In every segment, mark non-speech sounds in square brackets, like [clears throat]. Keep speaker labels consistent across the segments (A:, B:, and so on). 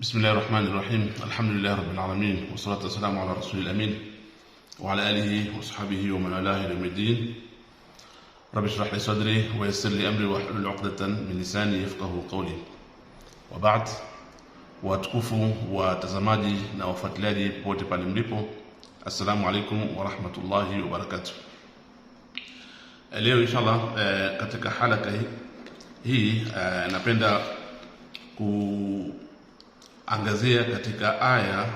A: بسم الله الرحمن الرحيم الحمد لله رب العالمين والصلاة والسلام على رسول الأمين وعلى آله وصحبه ومن والاه إلى يوم الدين رب اشرح لي صدري ويسر لي أمري واحلل عقدة من لساني يفقه قولي وبعد watukufu وتزمادي نوفت لدي بوتي pale السلام عليكم ورحمة الله وبركاته اليوم إن شاء الله آه، كتك حالك هي آه، نبدأ angazia katika aya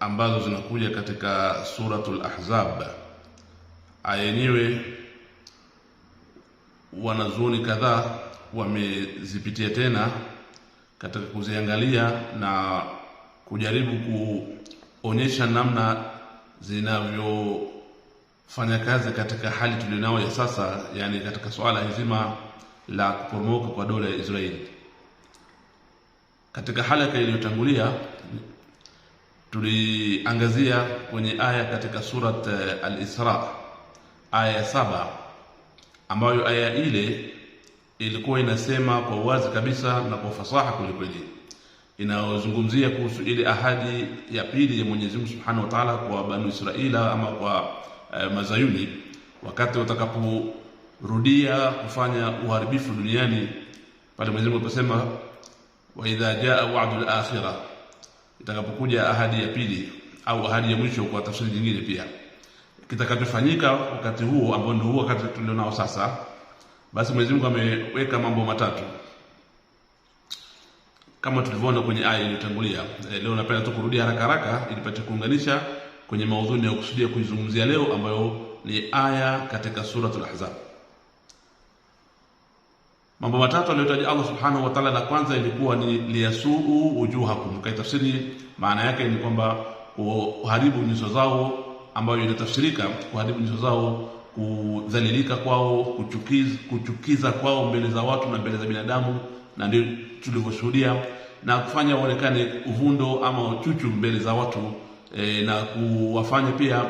A: ambazo zinakuja katika suratul Ahzab. Aya yenyewe wanazuoni kadhaa wamezipitia tena katika kuziangalia na kujaribu kuonyesha namna zinavyofanya kazi katika hali tulionayo ya sasa, yani katika swala zima la kuporomoka kwa dola ya Israeli. Katika halaka iliyotangulia tuliangazia kwenye aya katika surat eh, Al-Isra aya saba, ambayo aya ile ilikuwa inasema kwa uwazi kabisa na kwa fasaha kwelikweli, inayozungumzia kuhusu ile ahadi ya pili ya Mwenyezi Mungu Subhanahu wa Ta'ala kwa Banu Israila ama kwa eh, Mazayuni wakati watakaporudia kufanya uharibifu duniani pale Mwenyezi Mungu aliposema wa idha jaa wa'du al-akhirah itakapokuja ahadi ya pili au ahadi ya mwisho kwa tafsiri nyingine pia kitakachofanyika wakati huo ambao ndio huo wakati tulionao sasa basi Mwenyezi Mungu ameweka mambo matatu kama tulivyoona kwenye aya iliyotangulia e, leo napenda tu kurudia haraka haraka ili pate kuunganisha kwenye maudhui kusudia kuizungumzia leo ambayo ni aya katika suratul Ahzab Mambo matatu aliyotaja Allah subhanahu wa ta'ala, la kwanza ilikuwa ni liyasuu wujuhakum, kaitafsiri maana yake ni kwamba kuharibu nyuso zao, ambayo inatafsirika kuharibu nyuso zao, kudhalilika kwao, kuchukiza, kuchukiza kwao mbele za watu na mbele za binadamu, na ndio tulivyoshuhudia na kufanya waonekane uvundo ama uchuchu mbele za watu e, na kuwafanya pia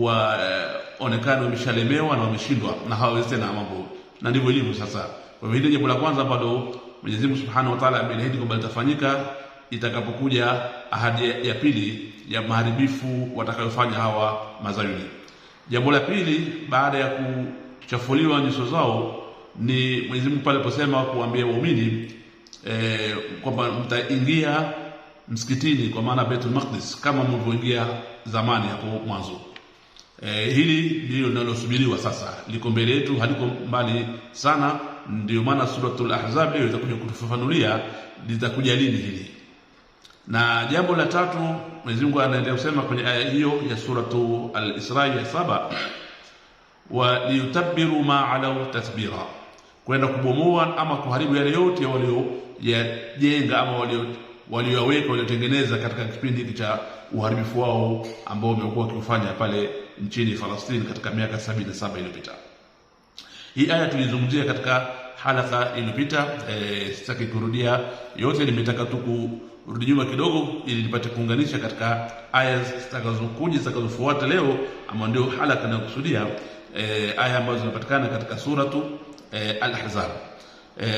A: waonekane e, wameshalemewa na wameshindwa na hawawezi tena mambo, na ndivyo ilivyo sasa. Kwa hili jambo la kwanza bado Mwenyezi Mungu Subhanahu wa Ta'ala ameahidi kwamba litafanyika itakapokuja ahadi ya pili ya maharibifu watakayofanya hawa mazayuni. Jambo la pili baada ya kuchafuliwa nyuso zao ni Mwenyezi Mungu pale aliposema kuambia waumini e, kwamba mtaingia msikitini kwa maana Baitul Maqdis kama mlivyoingia zamani hapo mwanzo. E, hili ndilo linalosubiriwa sasa, liko mbele yetu, haliko mbali sana ndio maana suratul Ahzab leo itakuja kutufafanulia litakuja lini hili. Na jambo la tatu Mwenyezi Mungu anaendelea kusema kwenye aya hiyo ya suratu al-Isra ya saba, wa liyutabbiru ma ala tatbira, kwenda kubomoa ama kuharibu yale yote walioyajenga ama walio walioweka waliotengeneza katika kipindi hiki cha uharibifu wao ambao wamekuwa wakiufanya pale nchini Falastini katika miaka 77 iliyopita. Hii aya tulizungumzia katika halaka iliyopita, e, sitaki kurudia yote. Nimetaka tu kurudi nyuma kidogo, ili nipate kuunganisha katika aya zitakazokuja zitakazofuata leo, ama ndio halaka inayokusudia e, aya ambazo zinapatikana katika suratu e, Al-Ahzab. E,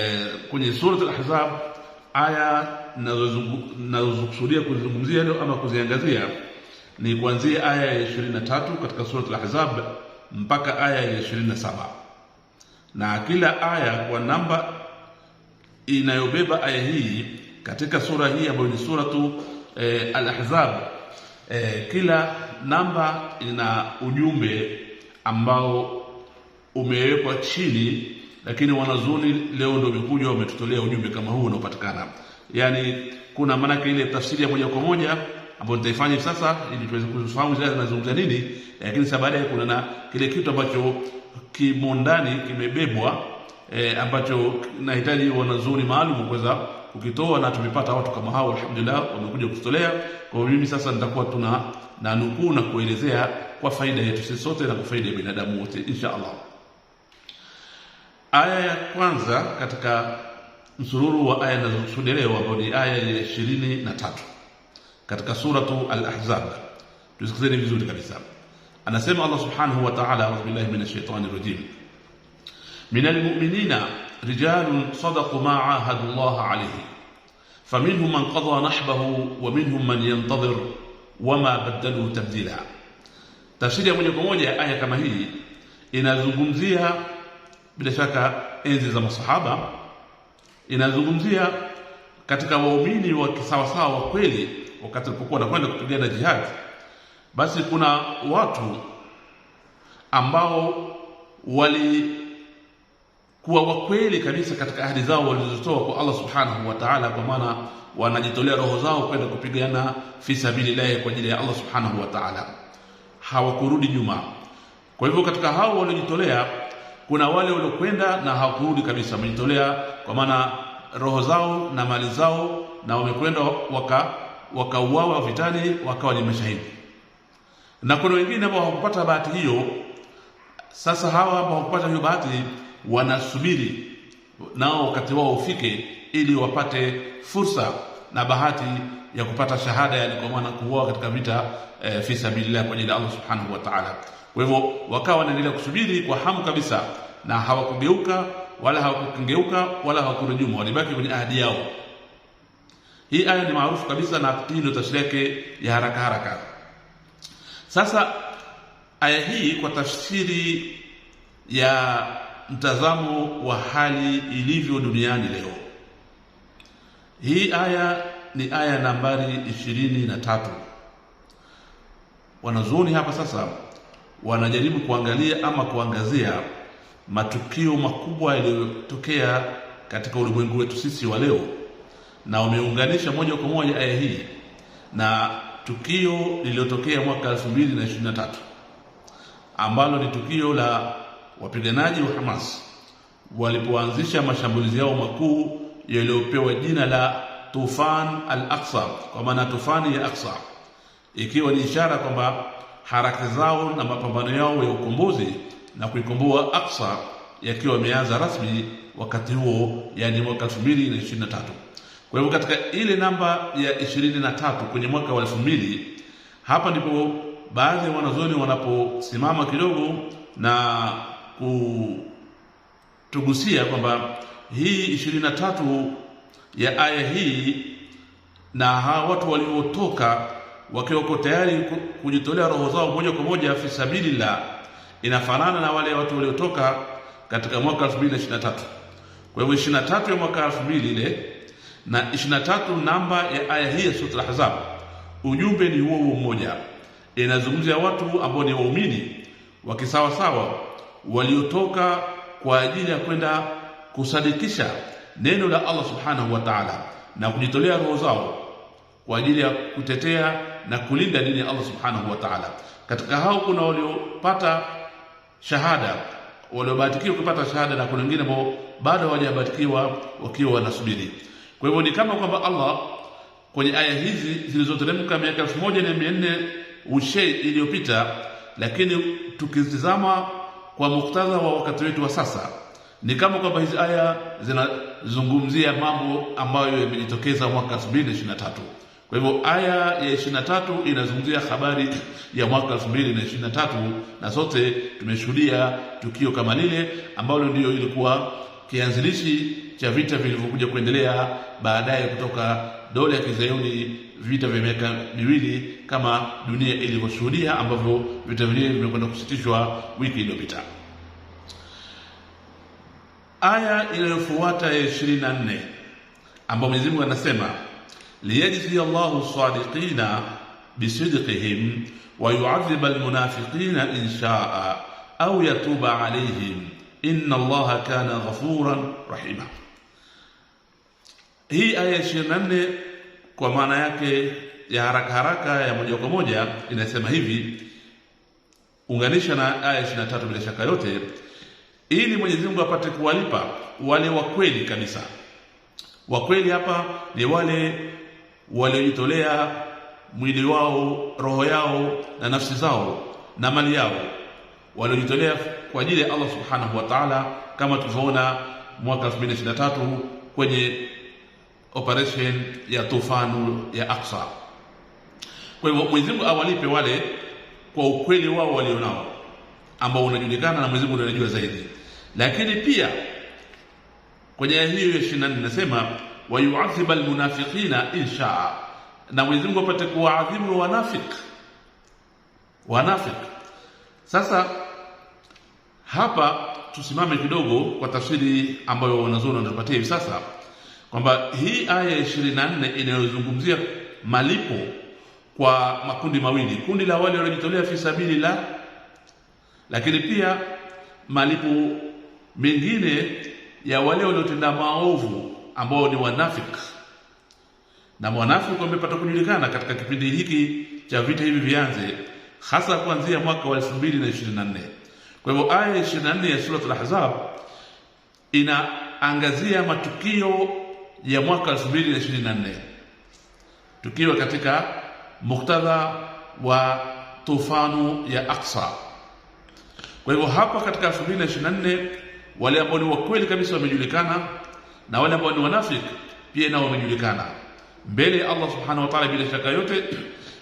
A: kwenye suratu Al-Ahzab aya nazokusudia kuzungumzia leo ama kuziangazia ni kuanzia aya ya 23 katika suratu Al-Ahzab mpaka aya ya 27 na kila aya kwa namba inayobeba aya hii katika sura hii ambayo ni suratu e, Al-Ahzab e, kila namba ina ujumbe ambao umewekwa chini, lakini wanazuni leo ndio wamekuja wametutolea ujumbe kama huu unaopatikana, yani kuna maanake ile tafsiri ya moja kwa moja ambao nitaifanya hivi sasa ili tuweze kufahamu zile zinazungumza nini, lakini sasa baadaye kuna na kile kitu ambacho kimondani kimebebwa e, ambacho nahitaji wanazuoni maalum kuweza kukitoa, na tumepata watu kama hao alhamdulillah, wamekuja kutolea. Kwa hiyo mimi sasa nitakuwa tuna na nukuu na kuelezea kwa faida yetu sisi sote na kwa faida ya binadamu wote insha Allah. Aya ya kwanza katika msururu wa aya zinazokusudiwa ambayo ni aya ya ishirini na tatu katika suratu al-Ahzab tusikizeni vizuri kabisa anasema Allah subhanahu wa ta'ala a'udhu billahi minash shaitani rajim minal mu'minina rijalun sadaqu ma 'ahadu Allah alayhi faminhum man qada nahbahu wa minhum man yantadhir wama badalu tabdila tafsiri ya moja kwa moja aya kama hii inazungumzia bila shaka enzi za masahaba inazungumzia katika waumini wa kisawasawa wa kweli wakati alipokuwa anakwenda kupigana jihadi basi kuna watu ambao walikuwa wakweli kabisa katika ahadi zao walizotoa kwa Allah subhanahu wa ta'ala kwa maana wanajitolea roho zao kwenda kupigana fi sabilillahi kwa ajili ya Allah subhanahu wa ta'ala hawakurudi nyuma kwa hivyo katika hao waliojitolea kuna wale waliokwenda na hawakurudi kabisa wamejitolea kwa maana roho zao na mali zao na wamekwenda waka wakauawa vitani wakawa ni mashahidi na kuna wengine ambao hawakupata bahati hiyo sasa hawa ambao hawakupata hiyo bahati wanasubiri nao wakati wao ufike ili wapate fursa na bahati ya kupata shahada yani kwa maana kuoa katika vita e, fi sabilillah kwa ajili ya Allah subhanahu wa ta'ala kwa hivyo wakawa wanaendelea kusubiri kwa hamu kabisa na hawakugeuka wala hawakugeuka wala hawakurujumu walibaki kwenye ahadi yao hii aya ni maarufu kabisa na hii ndio tafsiri yake ya haraka haraka. Sasa aya hii kwa tafsiri ya mtazamo wa hali ilivyo duniani leo. Hii aya ni aya nambari ishirini na tatu. Wanazuoni hapa sasa wanajaribu kuangalia ama kuangazia matukio makubwa yaliyotokea katika ulimwengu wetu sisi wa leo na wameunganisha moja kwa moja aya hii na tukio lililotokea mwaka 2023 ambalo ni tukio la wapiganaji wa Hamas walipoanzisha mashambulizi yao makuu yaliyopewa jina la Tufan al-Aqsa kwa maana tufani ya Aqsa ikiwa ni ishara kwamba harakati zao na mapambano yao ya ukombozi na kuikomboa Aqsa yakiwa yameanza rasmi wakati huo yani mwaka 2023 kwa hivyo katika ile namba ya ishirini na tatu kwenye mwaka wa elfu mbili hapa ndipo baadhi ya wanazoni wanaposimama kidogo na kutugusia kwamba hii ishirini na tatu ya aya hii na hawa watu waliotoka wakiwa tayari kujitolea roho zao moja kwa moja fi sabilillah inafanana na wale watu waliotoka katika mwaka 2023. Kwa hivyo 23 ya mwaka 2000 ile na 23 namba ya aya hii ya sura Al-Ahzab, ujumbe ni huo huo mmoja. Inazungumzia watu ambao ni waumini wakisawasawa, waliotoka kwa ajili ya kwenda kusadikisha neno la Allah subhanahu wa ta'ala na kujitolea roho zao kwa ajili ya kutetea na kulinda dini ya Allah subhanahu wa ta'ala. Katika hao kuna waliopata shahada, waliobahatikiwa kupata shahada, na kuna wengine ambao bado hawajabahatikiwa wakiwa wanasubiri. Kwa hivyo ni kama kwamba Allah kwenye aya hizi zilizoteremka miaka elfu moja na mia nne ushei iliyopita, lakini tukitizama kwa muktadha wa wakati wetu wa sasa, ni kama kwamba hizi aya zinazungumzia mambo ambayo yamejitokeza mwaka 2023. Kwa hivyo aya ya 23 inazungumzia habari ya mwaka 2023, na sote tumeshuhudia tukio kama lile ambalo ndiyo ilikuwa kianzilishi cha vita vilivyokuja kuendelea baadaye kutoka dola ya Kizayuni, vita vya miaka miwili kama dunia ilivyoshuhudia, ambavyo vita vile vimekwenda kusitishwa wiki iliyopita. Aya inayofuata ya 24 ambapo Mwenyezi Mungu anasema liyajzi Allahu sadiqina bisidqihim wa yu'adhib almunafiqina in sha'a au yatuba alayhim inna Allaha kana ghafuran rahima. Hii aya ishirini na nne kwa maana yake ya haraka haraka ya moja kwa moja inasema hivi, unganisha na aya ishirini na tatu bila shaka yote, ili Mwenyezi Mungu apate kuwalipa wale wa kweli kabisa. Wa kweli hapa ni wale waliojitolea mwili wao, roho yao na nafsi zao na mali yao, waliojitolea kwa ajili ya Allah subhanahu wa taala, kama tulivyoona mwaka 2023 kwenye operation ya tufanu ya Aqsa. Kwa hivyo Mwenyezi Mungu awalipe wale kwa ukweli wao walionao ambao unajulikana na Mwenyezi Mungu anajua zaidi. Lakini pia kwenye aya hiyo ya 24 inasema wayuadhiba almunafiqina inshaa, na Mwenyezi Mungu apate kuwaadhibu wanafiki wanafiki. Sasa hapa tusimame kidogo kwa tafsiri ambayo wanazuoni wanatupatia hivi sasa kwamba hii aya ishirini na nne inayozungumzia malipo kwa makundi mawili, kundi la wale waliojitolea fi sabili la, lakini pia malipo mengine ya wale waliotenda maovu ambao ni wanafiki. Na mwanafiki wamepata kujulikana katika kipindi hiki cha vita hivi vianze, hasa kuanzia mwaka wa 2024. Kwa hivyo aya 24 ya al Ahzab inaangazia matukio ya mwaka 2024 tukiwa katika muktadha wa tufanu ya Aqsa. Kwa hivyo hapa katika 2024 wale ambao ni wakweli kabisa wamejulikana na wale ambao ni wanafiki pia nao wamejulikana mbele ya Allah subhanahu wa ta'ala bila shaka yote,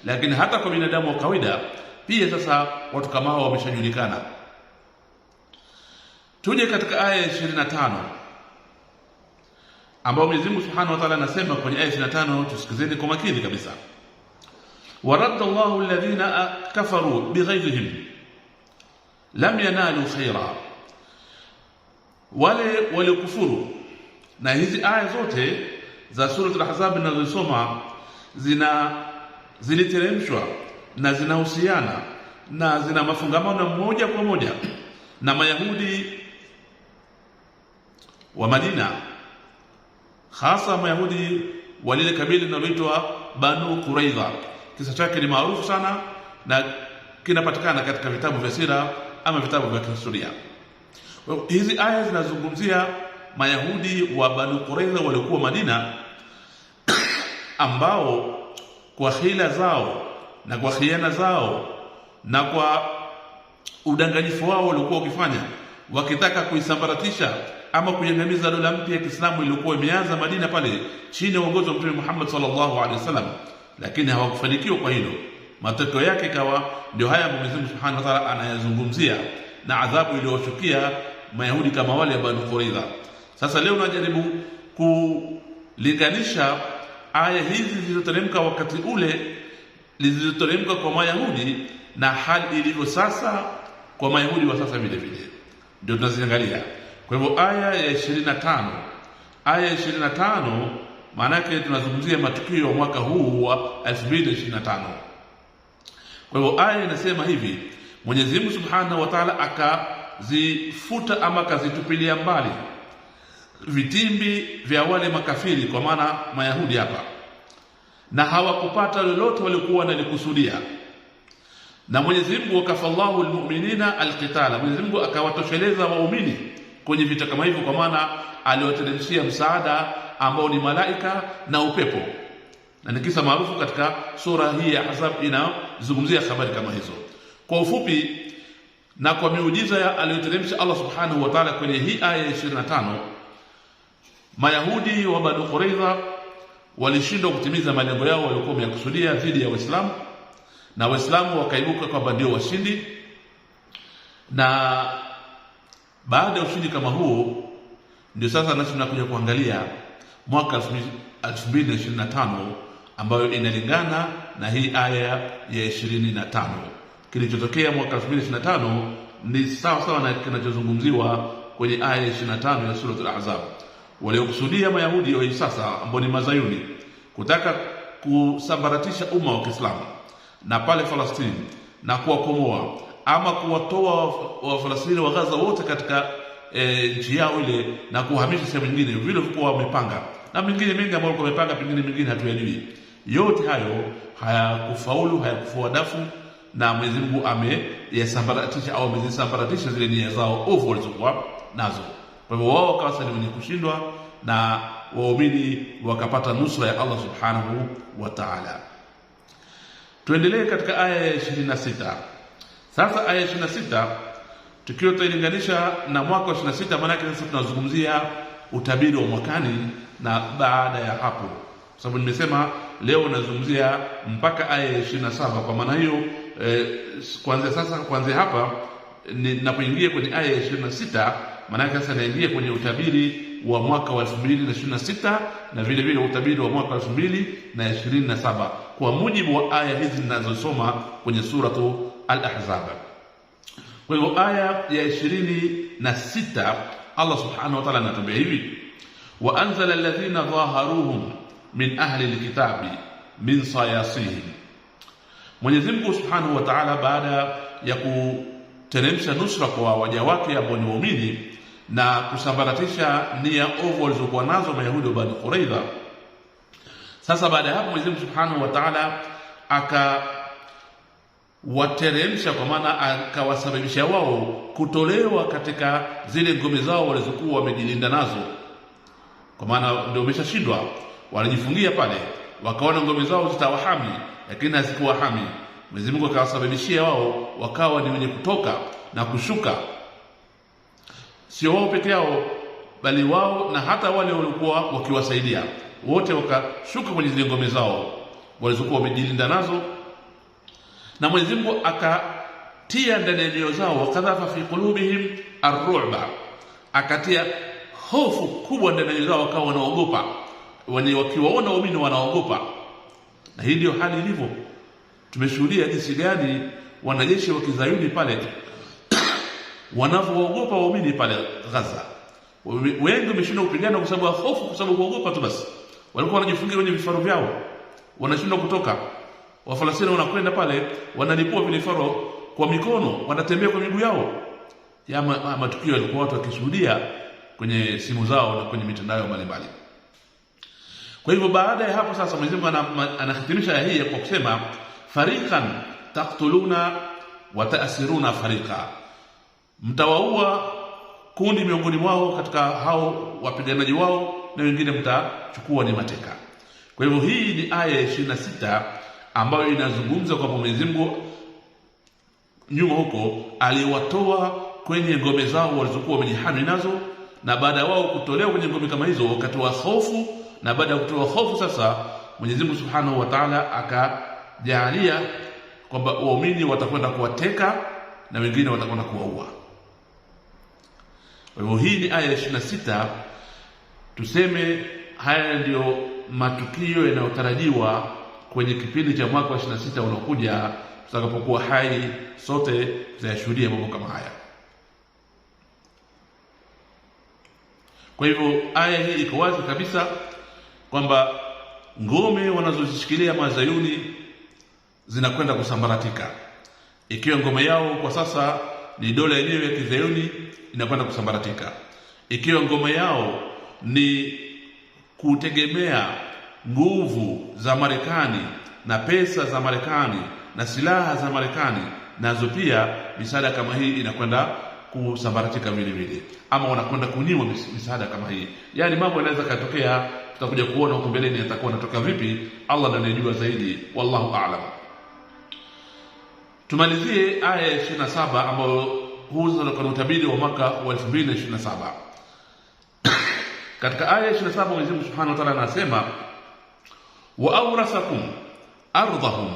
A: lakini hata kwa binadamu wa kawaida pia sasa watu kama hao wameshajulikana. Tuje katika aya ya 25 ambao Mwenyezi Mungu Subhanahu wa Ta'ala anasema kwenye aya 25, tusikizeni kwa makini kabisa. Waradda Allahu alladhina ah, kafaru bighayrihim lam yanalu khaira, wale waliokufuru. Na hizi aya zote za al Ahzab ninazosoma zina ziliteremshwa na zinahusiana na zina mafungamano moja kwa moja na Mayahudi wa Madina hasa mayahudi walile kabila linaloitwa Banu Quraidha kisa chake ni maarufu sana na kinapatikana katika vitabu vya sira ama vitabu vya kihistoria hizi aya zinazungumzia mayahudi wa Banu Quraidha waliokuwa Madina [coughs] ambao kwa hila zao na kwa khiana zao na kwa udanganyifu wao waliokuwa wakifanya wakitaka kuisambaratisha ama kuiangamiza dola mpya ya Kiislamu iliyokuwa imeanza Madina pale chini ya uongozi wa Mtume Muhammad sallallahu alaihi wasallam, lakini hawakufanikiwa kwa hilo. Matokeo yake ikawa ndio haya Mwenyezi Mungu Subhanahu wa Ta'ala anayazungumzia na adhabu iliyowashukia Mayahudi kama wale wa Banu Quraidha. Sasa leo najaribu kulinganisha aya hizi zilizoteremka wakati ule zilizoteremka kwa Mayahudi na hali ilivyo sasa kwa Mayahudi wa sasa vile vile, ndio tunaziangalia. Kwa hivyo aya ya 25 aya ya 25 maana yake tunazungumzia matukio ya mwaka huu wa 2025. Kwa hivyo aya inasema hivi, Mwenyezi Mungu Subhanahu wa Ta'ala akazifuta ama akazitupilia mbali vitimbi vya wale makafiri, kwa maana Mayahudi hapa, na hawakupata lolote walikuwa wanalikusudia. Na Mwenyezi Mungu wakafallahu almu'minina alqitala, Mwenyezi Mungu akawatosheleza waumini kwenye vita kama hivyo, kwa maana aliyoteremshia msaada ambao ni malaika na upepo, na ni kisa maarufu katika sura hii ya Ahzab inazungumzia habari kama hizo kwa ufupi na kwa miujiza aliyoteremsha Allah subhanahu wa ta'ala kwenye hii aya ya 25 Mayahudi wa Banu Quraiza walishindwa kutimiza malengo yao waliokuwa wamekusudia dhidi ya Waislamu na Waislamu wakaibuka kwamba ndio washindi na baada ya ushindi kama huo, ndio sasa nasi tunakuja kuangalia mwaka 2025 ambayo inalingana na hii aya ya 25. Kilichotokea mwaka 2025 ni sawa sawa na kinachozungumziwa kwenye aya ya 25 ya Suratul Ahzab. Waliokusudia Mayahudi wa sasa ambao ni Mazayuni kutaka kusambaratisha umma wa Kiislamu na pale Falastini na kuwakomoa ama kuwatoa Wafalastini wa Gaza wote katika e, nchi yao ile na kuhamisha sehemu nyingine, vile kuwa wamepanga na mengine mengi ambayo walikuwa wamepanga, pengine mengine hatuyajui. Yote hayo hayakufaulu, hayakufua dafu, na Mwenyezi Mungu ameyasambaratisha au amezisambaratisha zile nia zao ovu walizokuwa nazo. Kwa hivyo wao wakawa ni wenye kushindwa na waumini wakapata nusra ya Allah subhanahu wa ta'ala. Tuendelee katika aya ya 26. Sasa aya sita tukiwa tutailinganisha na mwaka wa 26, maanake sasa tunazungumzia utabiri wa mwakani na baada ya hapo, kwa sababu nimesema leo nazungumzia mpaka aya ya saba Kwa maana hiyo eh, kuanzia sasa, kuanzia hapa ninapoingia kwenye aya ya 26, maanake sasa naingia kwenye utabiri wa mwaka wa 2026 na vile vile utabiri wa mwaka wa saba kwa mujibu wa aya hizi ninazosoma kwenye suratu al-Ahzab. Kwa hivyo aya ya ishirini na sita Allah subhanahu wa ta'ala anatuambia hivi wa anzala alladhina dhaharuhum min ahli alkitabi min sayasihim Mwenyezi Mungu Subhanahu wa Ta'ala baada ya kuteremsha nusra kwa waja wake ambao ni waumini na kusambaratisha nia ovu walizokuwa nazo Mayahudi wa Bani Quraidha. Sasa baada ya hapo Mwenyezi Mungu Subhanahu wa Ta'ala aka wateremsha, kwa maana akawasababisha wao kutolewa katika zile ngome zao walizokuwa wamejilinda nazo, kwa maana ndio wameshashindwa, walijifungia pale, wakaona ngome zao zitawahami, lakini hazikuwahami. Mwenyezi Mungu akawasababishia wao wakawa ni wenye kutoka na kushuka, sio wao peke yao, bali wao na hata wale waliokuwa wakiwasaidia wote wakashuka kwenye zile ngome zao walizokuwa wamejilinda nazo na Mwenyezi Mungu akatia ndani ya nyoyo zao wakadhafa fi qulubihim arru'ba akatia hofu kubwa ndani ya nyoyo zao wakawa wanaogopa wani wakiwaona waumini wanaogopa na hii ndio hali ilivyo tumeshuhudia jinsi gani wanajeshi wa kizayuni pale [coughs] wanavyoogopa waumini pale Gaza wengi wameshindwa kupigana kwa sababu ya hofu kwa sababu kuogopa tu basi walikuwa wanajifungia kwenye vifaru vyao wanashindwa kutoka Wafalastini wanakwenda pale wanalipua vile faro kwa mikono, wanatembea kwa miguu yao. Ya matukio yalikuwa watu wakishuhudia kwenye simu zao na kwenye mitandao mbalimbali. Kwa hivyo baada ya hapo sasa Mwenyezi Mungu anahitimisha aya hii kwa kusema fariqan taktuluna wa ta'siruna fariqa, mtawaua kundi miongoni mwao katika hao wapiganaji wao na wengine mtachukua ni mateka. Kwa hivyo hii ni aya ya 26 ambayo inazungumza kwamba Mwenyezi Mungu nyuma huko aliwatoa kwenye ngome zao walizokuwa wamejihami nazo, na baada ya wao kutolewa kwenye ngome kama hizo wakatoa hofu, na baada ya kutoa hofu sasa Mwenyezi Mungu Subhanahu wa Ta'ala akajalia kwamba waumini watakwenda kuwateka na wengine watakwenda kuwaua. Kwa hivyo hii ni aya ya sita Tuseme haya ndiyo matukio yanayotarajiwa kwenye kipindi cha mwaka wa 26 unaokuja tutakapokuwa hai sote tutayashuhudia mambo kama haya kwa hivyo aya hii iko wazi kabisa kwamba ngome wanazozishikilia mazayuni zinakwenda kusambaratika ikiwa ngome yao kwa sasa ni dola yenyewe ya kizayuni inakwenda kusambaratika ikiwa ngome yao ni kutegemea nguvu za Marekani na pesa za Marekani na silaha za Marekani, nazo pia misaada kama hii inakwenda kusambaratika vile vile, ama wanakwenda kunyimwa misaada kama hii. Yani mambo yanaweza katokea, tutakuja kuona huko mbeleni yatakuwa natoka vipi. Allah ndiye anajua zaidi, wallahu aalam. Tumalizie aya ya 27 ambayo huza na utabiri wa mwaka wa 2027 [coughs] katika aya ya 27 Mwenyezi Mungu Subhanahu wa Ta'ala anasema وأورثكم أرضهم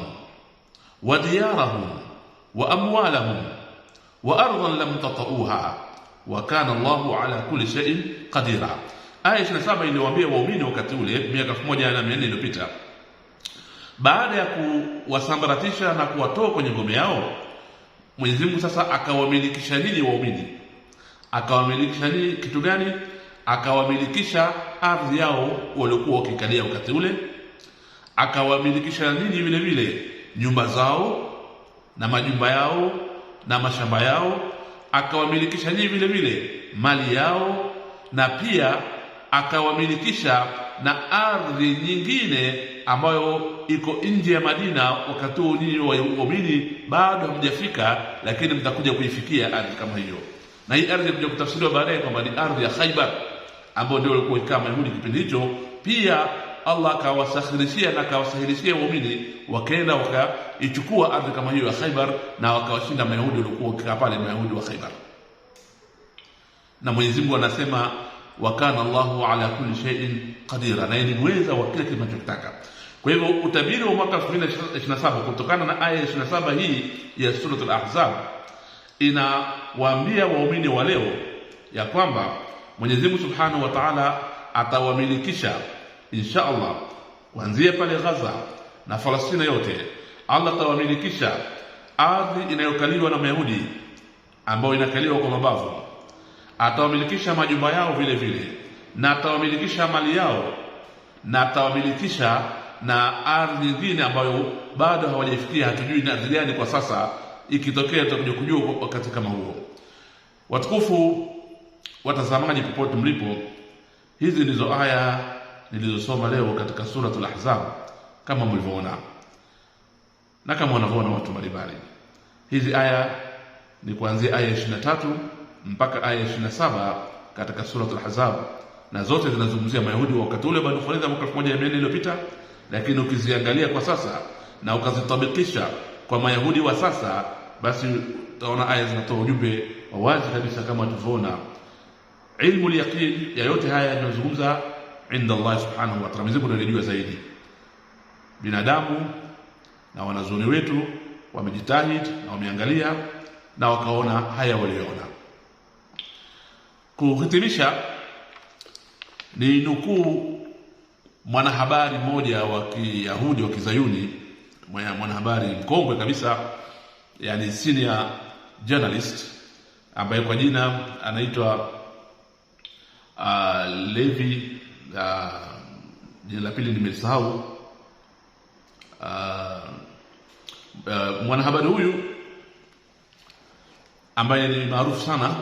A: وديارهم وأموالهم وأرضا لم تطئوها wakana Allahu ala kulli shay'in qadira. Aya 27 iliwaambia waumini wakati ule miaka 1400 iliyopita, baada ya kuwasambaratisha na kuwatoa kwenye ngome yao, Mwenyezi Mungu sasa akawamilikisha nini waumini? Akawamilikisha nini? Kitu gani? Akawamilikisha ardhi yao waliokuwa wakikalia wakati ule, akawamilikisha nini vile vile nyumba zao na majumba yao na mashamba yao akawamilikisha nyinyi vile vile mali yao na pia akawamilikisha na ardhi nyingine ambayo iko nje ya Madina wakati huo nyinyi waumini bado hamjafika lakini mtakuja kuifikia ardhi kama hiyo na hii ardhi kuja kutafsiriwa baadaye kwamba ni ardhi ya Khaibar ambayo ndio walikuwa ikaa Mayahudi kipindi hicho pia Allah akawasakhirishia na akawasahilishia waumini, wakaenda wakaichukua ardhi kama hiyo ya Khaibar na wakawashinda Mayahudi waliokuwa wakikaa pale, Mayahudi wa Khaibar. Na Mwenyezi Mungu anasema wa kana Allahu ala kulli shay'in qadira, na ni mweza wa kila kitu tunachotaka. Kwa hivyo utabiri wa mwaka 2027 kutokana na aya 27 hii ya surat Ahzab inawaambia waumini wa leo ya kwamba Mwenyezi Mungu Subhanahu wa Ta'ala atawamilikisha insha Allah kuanzia pale Gaza na falastina yote Allah atawamilikisha ardhi inayokaliwa na Mayahudi ambayo inakaliwa kwa mabavu atawamilikisha majumba yao vile vile na atawamilikisha mali yao na atawamilikisha na ardhi nyingine ambayo bado hawajaifikia hatujui ni ardhi gani kwa sasa ikitokea tutakuja kujua wakati kama huo watukufu watazamaji popote mlipo hizi ndizo aya nilizosoma leo katika suratul ahzab kama mlivyoona na kama wanavyoona watu mbalimbali hizi aya ni kuanzia aya 23 mpaka aya 27 katika suratul ahzab na zote zinazungumzia mayahudi wakati ule bado Khalifa mwaka 1400 iliyopita lakini ukiziangalia kwa sasa na ukazitabikisha kwa mayahudi wa sasa basi utaona aya zinatoa ujumbe wa wazi kabisa kama tulivyoona ilmu yaqin ya yote haya yanayozungumza inda Allah subhanahu wa ta'ala. Mwenyezi Mungu anajua zaidi. Binadamu na wanazuoni wetu wamejitahidi na wameangalia na wakaona haya walioona. Kuhitimisha ni nukuu mwanahabari mmoja wa Kiyahudi wa Kizayuni, mwanahabari mkongwe kabisa, yani senior journalist ambaye kwa jina anaitwa uh, Levi Ah, jina la pili nimesahau. Ah, ah, mwanahabari huyu ambaye ni maarufu sana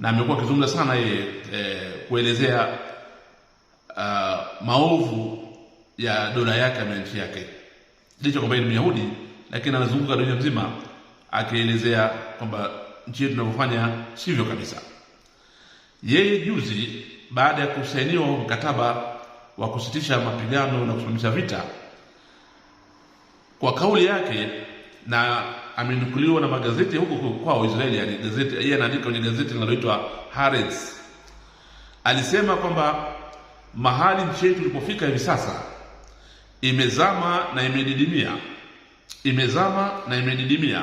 A: na amekuwa akizungumza sana yeye eh, kuelezea uh, maovu ya dola yake na nchi yake, licha kwamba ni Myahudi, lakini anazunguka dunia mzima akielezea kwamba nchi yetu inavyofanya sivyo kabisa. Yeye juzi baada ya kusainiwa mkataba wa kusitisha mapigano na kusimamisha vita. Kwa kauli yake na amenukuliwa na magazeti huko kwao Israeli, yani gazeti yeye anaandika kwenye gazeti linaloitwa Haaretz, alisema kwamba mahali nchi yetu ilipofika hivi sasa imezama na imedidimia, imezama na imedidimia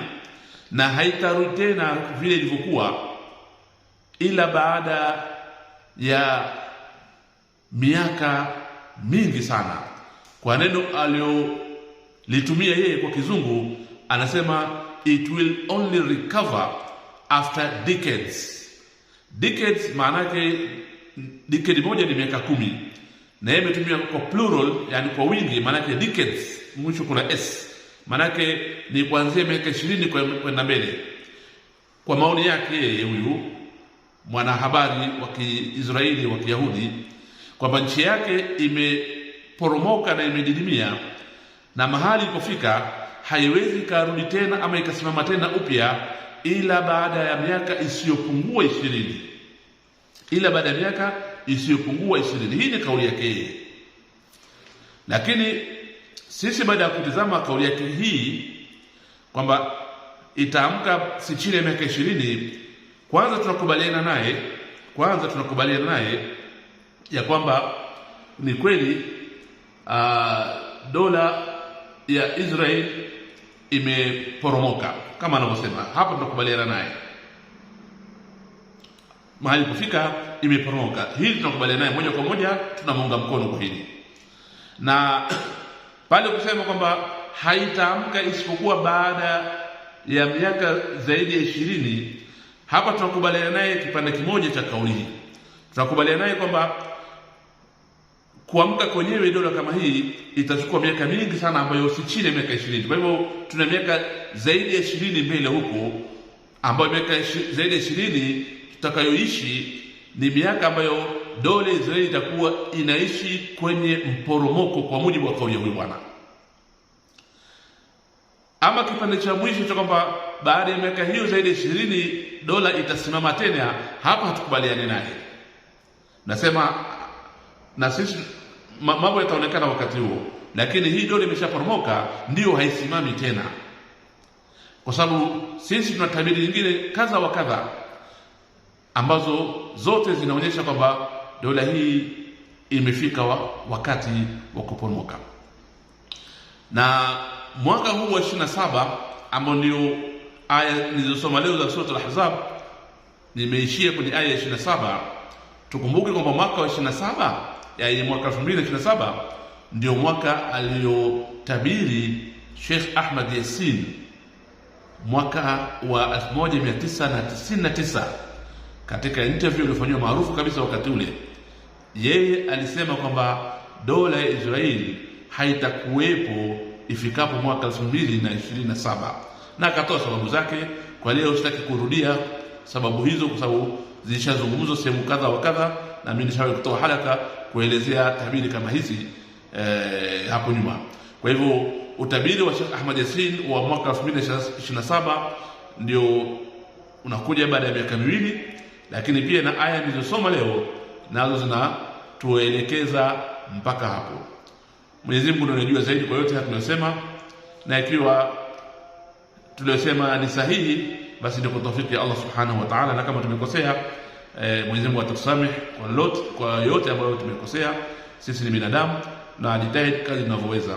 A: na haitarudi tena vile ilivyokuwa ila baada ya miaka mingi sana kwa neno aliyolitumia yeye kwa kizungu anasema it will only recover after decades decades maana yake decade moja ni miaka kumi na yeye ametumia kwa plural yani kwa wingi maana yake decades mwisho kuna s maana yake ni kuanzia miaka 20 kwenda mbele kwa maoni yake yeye huyu mwanahabari wa Kiisraeli wa Kiyahudi kwamba nchi yake imeporomoka na imedidimia na mahali ilipofika haiwezi ikarudi tena ama ikasimama tena upya ila baada ya miaka isiyopungua ishirini ila baada ya miaka isiyopungua ishirini hii ni kauli yake yeye lakini sisi baada ya kutizama kauli yake hii kwamba itaamka si chini ya miaka ishirini kwanza tunakubaliana naye, kwanza tunakubaliana naye ya kwamba ni kweli ah, dola ya Israel imeporomoka kama anavyosema hapo, tunakubaliana naye mahali kufika imeporomoka. Hili tunakubaliana naye moja kwa moja, tunamuunga mkono kwa hili na [clears throat] pale kusema kwamba haitaamka isipokuwa baada ya miaka zaidi ya ishirini hapa tunakubaliana naye kipande kimoja cha kauli hii, tunakubaliana naye kwamba kuamka kwenyewe dola kama hii itachukua miaka mingi sana, ambayo si chini ya miaka ishirini. Kwa hivyo tuna miaka zaidi ya ishirini mbele huko, ambayo miaka zaidi ya ishirini tutakayoishi ni miaka ambayo dola Israeli itakuwa inaishi kwenye mporomoko, kwa mujibu wa kauli ya huyu bwana ama kipande cha mwisho cha kwamba baada ya miaka hiyo zaidi ya ishirini dola itasimama tena, hapa hatukubaliani naye. Nasema na sisi mambo yataonekana wakati huo, lakini hii dola imeshaporomoka, ndiyo haisimami tena, kwa sababu sisi tuna tabiri nyingine kadha wa kadha ambazo zote zinaonyesha kwamba dola hii imefika wa, wakati wa kuporomoka na mwaka huu wa 27 ambao ndio aya nilizosoma leo za sura Al-Ahzab, nimeishia kwenye aya ya 27. Tukumbuke kwamba mwaka wa 27, yaani mwaka 2027 ndio mwaka aliyotabiri Sheikh Ahmad Yasin mwaka wa 1999 katika interview iliyofanywa maarufu kabisa wakati ule, yeye alisema kwamba dola ya Israeli haitakuwepo ifikapo mwaka 2027 na akatoa sababu zake. Kwa leo sitaki kurudia sababu hizo, kwa sababu zilishazungumzwa sehemu kadha wa kadha, na mimi nishawahi kutoa halaka kuelezea tabiri kama hizi eh, hapo nyuma. Kwa hivyo utabiri wa Sheikh Ahmad Yasin wa mwaka 2027 ndio unakuja baada ya miaka miwili, lakini pia na aya nilizosoma leo nazo zinatuelekeza mpaka hapo. Mwenyezi Mungu ndiye anajua zaidi kwa yote tunasema, na ikiwa tuliosema ni sahihi, basi ndio kwa tawfiki ya Allah subhanahu wa ta'ala, na kama tumekosea e, Mwenyezi Mungu atusamehe kwa lot, kwa yote ambayo tumekosea. Sisi ni binadamu na ajitahid kadri tunavyoweza.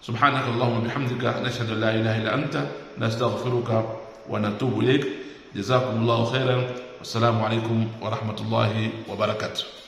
A: Subhanaka Allahumma bihamdika nashhadu an la ilaha illa anta nastaghfiruka wa natubu ilaik. Jazakumullahu khairan. Wassalamu alaykum wa rahmatullahi wa barakatuh.